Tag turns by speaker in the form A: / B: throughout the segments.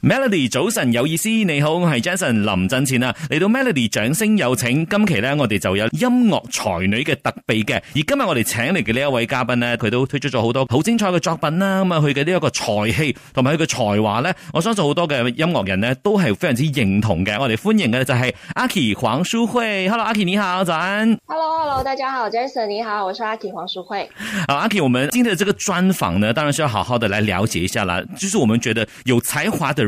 A: Melody 早晨有意思，你好，我係 Jason 林振前啊，嚟到 Melody 掌聲有請，今期呢，我哋就有音樂才女嘅特備嘅，而今日我哋請嚟嘅呢一位嘉賓呢，佢都推出咗好多好精彩嘅作品啦、啊，咁啊佢嘅呢一個才氣同埋佢嘅才華呢，我相信好多嘅音樂人呢都係非常之認同嘅，我哋歡迎嘅就係阿 kie 黃舒惠，Hello 阿 k 你好早晨。Hello
B: Hello 大家好，Jason 你好，我係
A: 阿 kie 黃舒惠、啊，阿 k 我們今天嘅這個專訪呢，當然需要好好的來了解一下啦，就是我們覺得有才華的。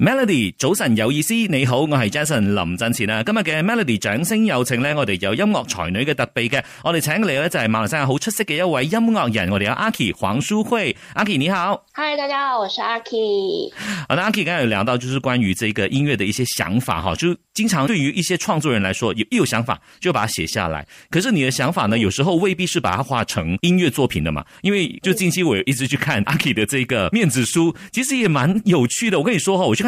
A: Melody 早晨有意思，你好，我是 Jason 林振前啊。今日嘅 Melody 掌聲有請呢，我哋有音樂才女嘅特備嘅，我哋請嚟咧就係馬來西亞好出色嘅一位音樂人，我哋阿阿 k 黃淑慧。阿 k 你好
B: ，Hi 大家好，我是阿 k 啊。
A: 那阿 k 剛才今日有聊到，就是關於這個音樂的一些想法，哈，就經常對於一些創作人來說，有一有想法就把它寫下來。可是你的想法呢，嗯，有時候未必是把它畫成音樂作品的嘛。因為就近期我有一直去看阿 k 的這個面子書，其實也蠻有趣的。我跟你說哈，我去看。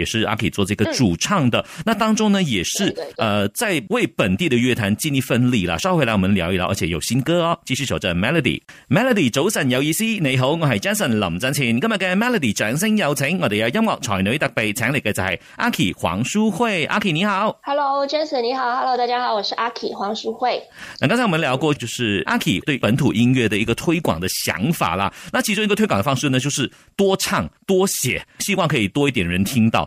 A: 也是阿 k 做這個主唱的，嗯、那當中呢，也是對對對呃，在為本地的樂壇盡一份力啦，稍回來，我們聊一聊，而且有新歌哦。繼續守着 Melody，Melody，早晨 Melody 有意思。你好，我是 Jason 林振前。今日嘅 Melody 掌聲有請，我哋有音樂才女特別請嚟嘅就係阿 k 黃淑惠。阿 k 你好
B: ，Hello Jason 你好，Hello 大家好，我是阿 k 黃淑
A: 惠。那剛才我們聊過，就是阿 k 對本土音樂的一個推廣的想法啦。那其中一個推廣的方式呢，就是多唱多寫，希望可以多一點人聽到。